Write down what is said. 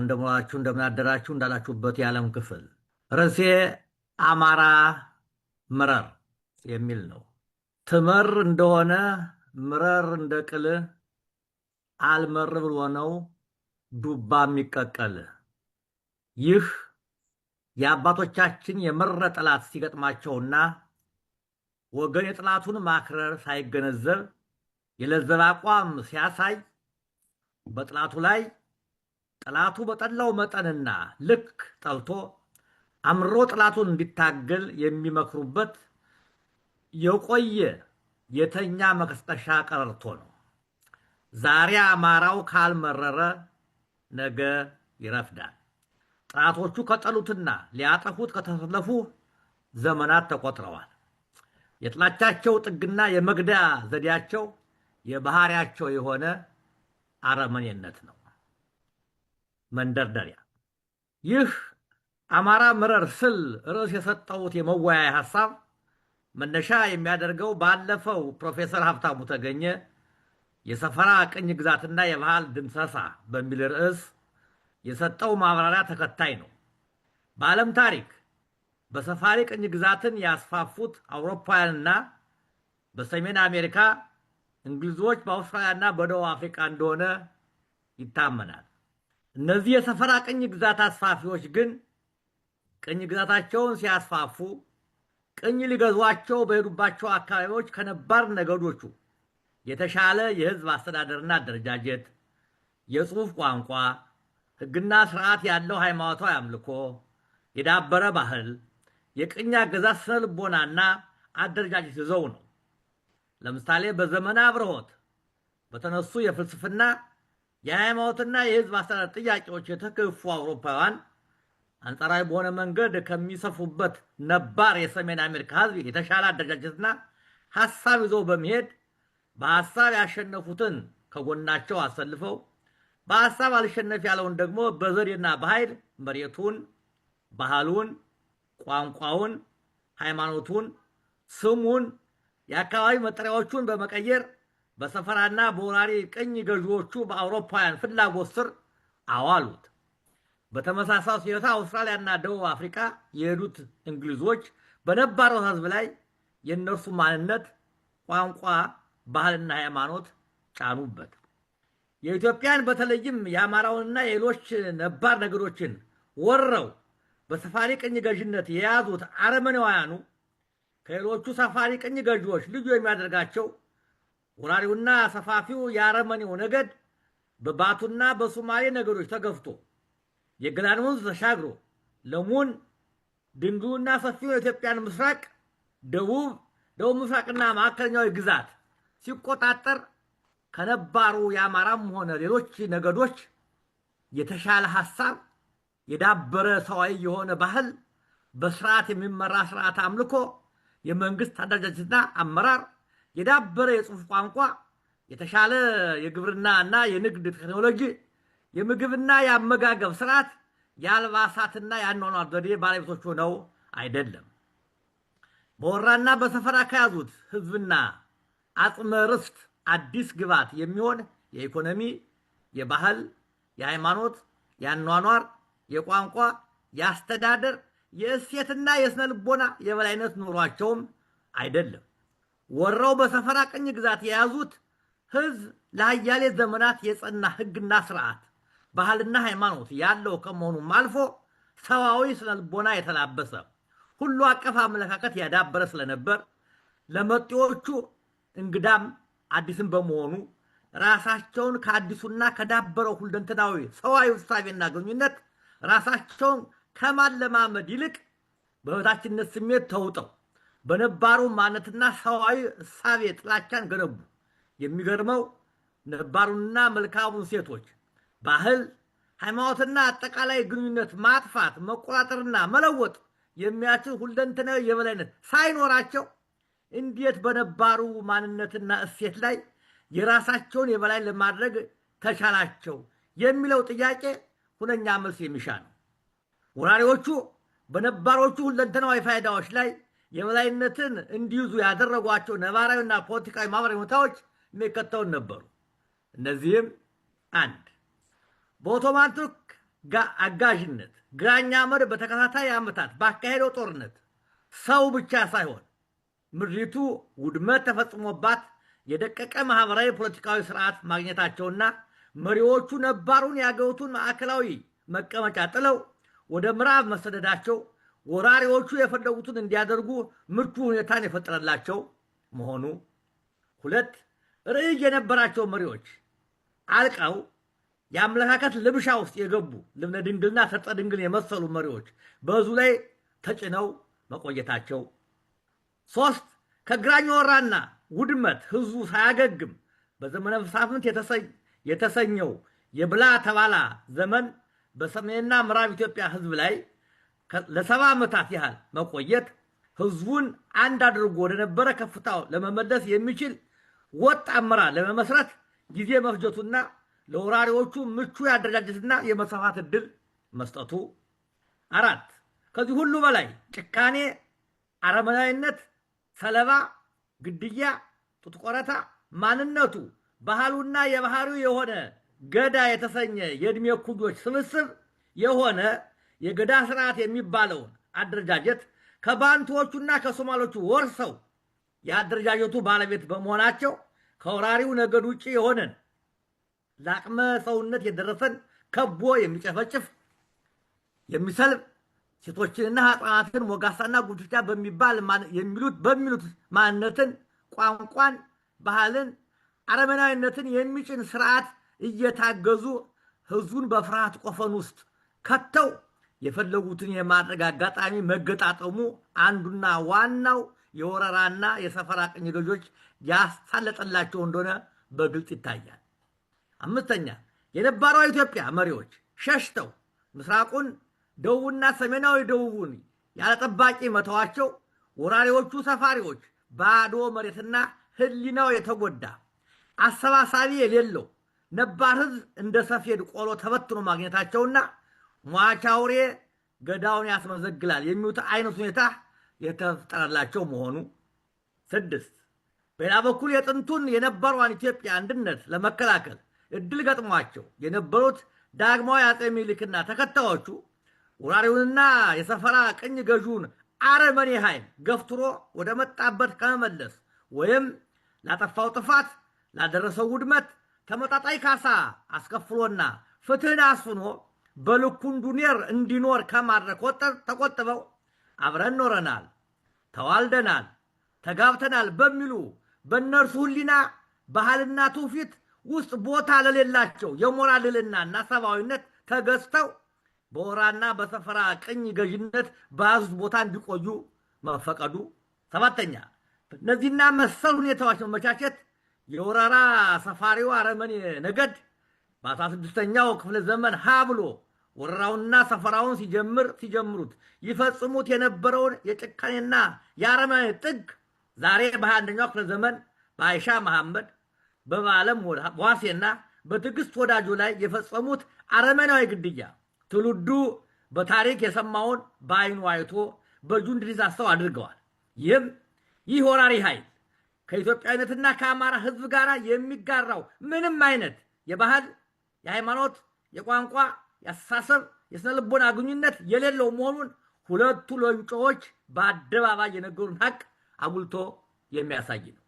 እንደሞላችሁ እንደምናደራችሁ እንዳላችሁበት የዓለም ክፍል ርዕሴ አማራ ምረር የሚል ነው። ትምር እንደሆነ ምረር እንደ ቅል አልመር ብሎ ነው ዱባ የሚቀቀል። ይህ የአባቶቻችን የመረ ጠላት ሲገጥማቸውና ወገን የጠላቱን ማክረር ሳይገነዘብ የለዘብ አቋም ሲያሳይ በጠላቱ ላይ ጠላቱ በጠላው መጠንና ልክ ጠልቶ አምሮ ጠላቱን እንዲታገል የሚመክሩበት የቆየ የተኛ መቀስቀሻ ቀረርቶ ነው። ዛሬ አማራው ካልመረረ ነገ ይረፍዳል። ጠላቶቹ ከጠሉትና ሊያጠፉት ከተሰለፉ ዘመናት ተቆጥረዋል። የጥላቻቸው ጥግና የመግዳ ዘዴያቸው የባህሪያቸው የሆነ አረመኔነት ነው። መንደርደሪያ ይህ አማራ ምረር ስል ርዕስ የሰጠሁት የመወያይ ሀሳብ መነሻ የሚያደርገው ባለፈው ፕሮፌሰር ሀብታሙ ተገኘ የሰፈራ ቅኝ ግዛትና የባህል ድምሰሳ በሚል ርዕስ የሰጠው ማብራሪያ ተከታይ ነው። በዓለም ታሪክ በሰፋሪ ቅኝ ግዛትን ያስፋፉት አውሮፓውያንና በሰሜን አሜሪካ እንግሊዞች በአውስትራሊያና በደቡብ አፍሪካ እንደሆነ ይታመናል። እነዚህ የሰፈራ ቅኝ ግዛት አስፋፊዎች ግን ቅኝ ግዛታቸውን ሲያስፋፉ ቅኝ ሊገዟቸው በሄዱባቸው አካባቢዎች ከነባር ነገዶቹ የተሻለ የህዝብ አስተዳደርና አደረጃጀት፣ የጽሑፍ ቋንቋ፣ ህግና ስርዓት ያለው ሃይማኖታዊ አምልኮ፣ የዳበረ ባህል፣ የቅኝ አገዛዝ ስነ ልቦናና አደረጃጀት ይዘው ነው። ለምሳሌ በዘመነ አብርሆት በተነሱ የፍልስፍና የሃይማኖትና የህዝብ አስተዳደር ጥያቄዎች የተከፉ አውሮፓውያን አንጻራዊ በሆነ መንገድ ከሚሰፉበት ነባር የሰሜን አሜሪካ ህዝብ የተሻለ አደረጃጀትና ሀሳብ ይዘው በመሄድ በሀሳብ ያሸነፉትን ከጎናቸው አሰልፈው በሀሳብ አልሸነፍ ያለውን ደግሞ በዘዴና በኃይል መሬቱን፣ ባህሉን፣ ቋንቋውን፣ ሃይማኖቱን፣ ስሙን፣ የአካባቢ መጠሪያዎቹን በመቀየር በሰፈራና በወራሪ ቅኝ ገዢዎቹ በአውሮፓውያን ፍላጎት ስር አዋሉት። በተመሳሳይ ሁኔታ አውስትራሊያና ደቡብ አፍሪካ የሄዱት እንግሊዞች በነባረው ሕዝብ ላይ የእነርሱ ማንነት፣ ቋንቋ፣ ባህልና ሃይማኖት ጫኑበት። የኢትዮጵያን በተለይም የአማራውንና የሌሎች ነባር ነገዶችን ወረው በሰፋሪ ቅኝ ገዥነት የያዙት አረመኔውያኑ ከሌሎቹ ሰፋሪ ቅኝ ገዢዎች ልዩ የሚያደርጋቸው ወራሪውና ሰፋፊው የአረመኔው ነገድ በባቱና በሶማሌ ነገዶች ተገፍቶ የገላን ወንዝ ተሻግሮ ለሙን ድንጉና ሰፊው የኢትዮጵያን ምስራቅ፣ ደቡብ፣ ደቡብ ምስራቅና ማዕከለኛዊ ግዛት ሲቆጣጠር ከነባሩ የአማራም ሆነ ሌሎች ነገዶች የተሻለ ሐሳብ፣ የዳበረ ሰዋዊ የሆነ ባህል፣ በስርዓት የሚመራ ስርዓት አምልኮ፣ የመንግስት አደረጃጀትና አመራር የዳበረ የጽሁፍ ቋንቋ፣ የተሻለ የግብርና እና የንግድ ቴክኖሎጂ፣ የምግብና የአመጋገብ ስርዓት፣ የአልባሳትና የአኗኗር ዘዴ ባለቤቶች ሆነው አይደለም። በወራና በሰፈራ ከያዙት ህዝብና አጽመ ርስት አዲስ ግብዓት የሚሆን የኢኮኖሚ፣ የባህል፣ የሃይማኖት፣ የአኗኗር፣ የቋንቋ፣ የአስተዳደር፣ የእሴትና የስነ ልቦና የበላይነት ኑሯቸውም አይደለም። ወራው በሰፈራ ቅኝ ግዛት የያዙት ህዝብ ለአያሌ ዘመናት የጸና ህግና ስርዓት፣ ባህልና ሃይማኖት ያለው ከመሆኑም አልፎ ሰዋዊ ስነልቦና የተላበሰ ሁሉ አቀፍ አመለካከት ያዳበረ ስለነበር ለመጤዎቹ እንግዳም አዲስም በመሆኑ ራሳቸውን ከአዲሱና ከዳበረው ሁለንተናዊ ሰዋዊ ውሳቤና ግንኙነት ራሳቸውን ከማለማመድ ይልቅ በበታችነት ስሜት ተውጠው በነባሩ ማነትና ሰዋዊ እሳቤ ጥላቻን ገነቡ። የሚገርመው ነባሩንና መልካሙን ሴቶች ባህል፣ ሃይማኖትና አጠቃላይ ግንኙነት ማጥፋት፣ መቆጣጠርና መለወጥ የሚያችል ሁለንተናዊ የበላይነት ሳይኖራቸው እንዴት በነባሩ ማንነትና እሴት ላይ የራሳቸውን የበላይ ለማድረግ ተቻላቸው የሚለው ጥያቄ ሁነኛ መልስ የሚሻ ነው። ወራሪዎቹ በነባሮቹ ሁለንተናዊ ፋይዳዎች ላይ የበላይነትን እንዲይዙ ያደረጓቸው ነባራዊና ፖለቲካዊ ማህበራዊ ሁኔታዎች የሚከተውን ነበሩ። እነዚህም አንድ በኦቶማን ቱርክ አጋዥነት ግራኛ መር በተከታታይ ዓመታት ባካሄደው ጦርነት ሰው ብቻ ሳይሆን ምድሪቱ ውድመት ተፈጽሞባት የደቀቀ ማህበራዊ ፖለቲካዊ ስርዓት ማግኘታቸውና መሪዎቹ ነባሩን የአገሪቱን ማዕከላዊ መቀመጫ ጥለው ወደ ምዕራብ መሰደዳቸው ወራሪዎቹ የፈለጉትን እንዲያደርጉ ምቹ ሁኔታን የፈጠረላቸው መሆኑ፣ ሁለት ርዕይ የነበራቸው መሪዎች አልቀው የአመለካከት ልብሻ ውስጥ የገቡ ልብነ ድንግልና ሰርጸ ድንግል የመሰሉ መሪዎች በዙ ላይ ተጭነው መቆየታቸው፣ ሶስት ከግራኝ ወራና ውድመት ህዝቡ ሳያገግም በዘመነ መሳፍንት የተሰኘው የብላ ተባላ ዘመን በሰሜንና ምዕራብ ኢትዮጵያ ህዝብ ላይ ለሰባ ዓመታት ያህል መቆየት ህዝቡን አንድ አድርጎ ወደነበረ ከፍታው ለመመለስ የሚችል ወጥ አመራር ለመመስረት ጊዜ መፍጀቱና ለወራሪዎቹ ምቹ ያደረጃጀትና የመስፋፋት እድል መስጠቱ። አራት ከዚህ ሁሉ በላይ ጭካኔ፣ አረመናዊነት፣ ሰለባ፣ ግድያ፣ ጡት ቆረታ ማንነቱ ባህሉና የባህሪው የሆነ ገዳ የተሰኘ የእድሜ እኩዮች ስብስብ የሆነ የገዳ ስርዓት የሚባለውን አደረጃጀት ከባንቶቹና ከሶማሎቹ ወርሰው የአደረጃጀቱ ባለቤት በመሆናቸው ከወራሪው ነገድ ውጭ የሆነን ለአቅመ ሰውነት የደረሰን ከቦ የሚጨፈጭፍ የሚሰልብ ሴቶችንና ሕፃናትን ሞጋሳና ጉትቻ በሚባል የሚሉት በሚሉት ማንነትን፣ ቋንቋን፣ ባህልን፣ አረመናዊነትን የሚጭን ስርዓት እየታገዙ ህዝቡን በፍርሃት ቆፈን ውስጥ ከተው የፈለጉትን የማድረግ አጋጣሚ መገጣጠሙ አንዱና ዋናው የወረራና የሰፈራ ቅኝ ገዦች ያሳለጠላቸው እንደሆነ በግልጽ ይታያል። አምስተኛ የነባሯ ኢትዮጵያ መሪዎች ሸሽተው ምስራቁን ደቡብና ሰሜናዊ ደቡቡን ያለጠባቂ መተዋቸው ወራሪዎቹ ሰፋሪዎች ባዶ መሬትና ሕሊናው የተጎዳ አሰባሳቢ የሌለው ነባር ሕዝብ እንደ ሰፌድ ቆሎ ተበትኖ ማግኘታቸውና ሟች አውሬ ገዳውን ያስመዘግላል የሚሉት አይነት ሁኔታ የተፈጠረላቸው መሆኑ። ስድስት በሌላ በኩል የጥንቱን የነበሯን ኢትዮጵያ አንድነት ለመከላከል እድል ገጥሟቸው የነበሩት ዳግማዊ አጼ ሚኒልክና ተከታዮቹ ወራሪውንና የሰፈራ ቅኝ ገዥውን አረመኔ ኃይል ገፍትሮ ወደ መጣበት ከመመለስ ወይም ላጠፋው ጥፋት ላደረሰው ውድመት ተመጣጣኝ ካሳ አስከፍሎና ፍትህን አስፍኖ በልኩ እንዲኖር ከማድረግ ተቆጥበው አብረን ኖረናል፣ ተዋልደናል፣ ተጋብተናል በሚሉ በእነርሱ ህሊና ባህልና ትውፊት ውስጥ ቦታ ለሌላቸው የሞራል ልዕልናና ሰብአዊነት ተገዝተው በወራና በሰፈራ ቅኝ ገዥነት በያዙት ቦታ እንዲቆዩ መፈቀዱ። ሰባተኛ እነዚህና መሰል ሁኔታዎች መመቻቸት የወረራ ሰፋሪው አረመኔ ነገድ በአስራ ስድስተኛው ክፍለ ዘመን ሀ ብሎ ወረራውና ሰፈራውን ሲጀምር ሲጀምሩት ይፈጽሙት የነበረውን የጭካኔና የአረማዊ ጥግ ዛሬ በአንደኛው ክፍለ ዘመን በአይሻ መሐመድ በበዓለም ዋሴና በትዕግስት ወዳጁ ላይ የፈጸሙት አረመናዊ ግድያ ትውልዱ በታሪክ የሰማውን በአይኑ አይቶ በእጁ እንዲዳሰው አድርገዋል። ይህም ይህ ወራሪ ኃይል ከኢትዮጵያዊነትና ከአማራ ሕዝብ ጋር የሚጋራው ምንም አይነት የባህል፣ የሃይማኖት፣ የቋንቋ የአስተሳሰብ የስነ ልቦና ግንኙነት የሌለው መሆኑን ሁለቱ ለንጮዎች በአደባባይ የነገሩን ሀቅ አጉልቶ የሚያሳይ ነው።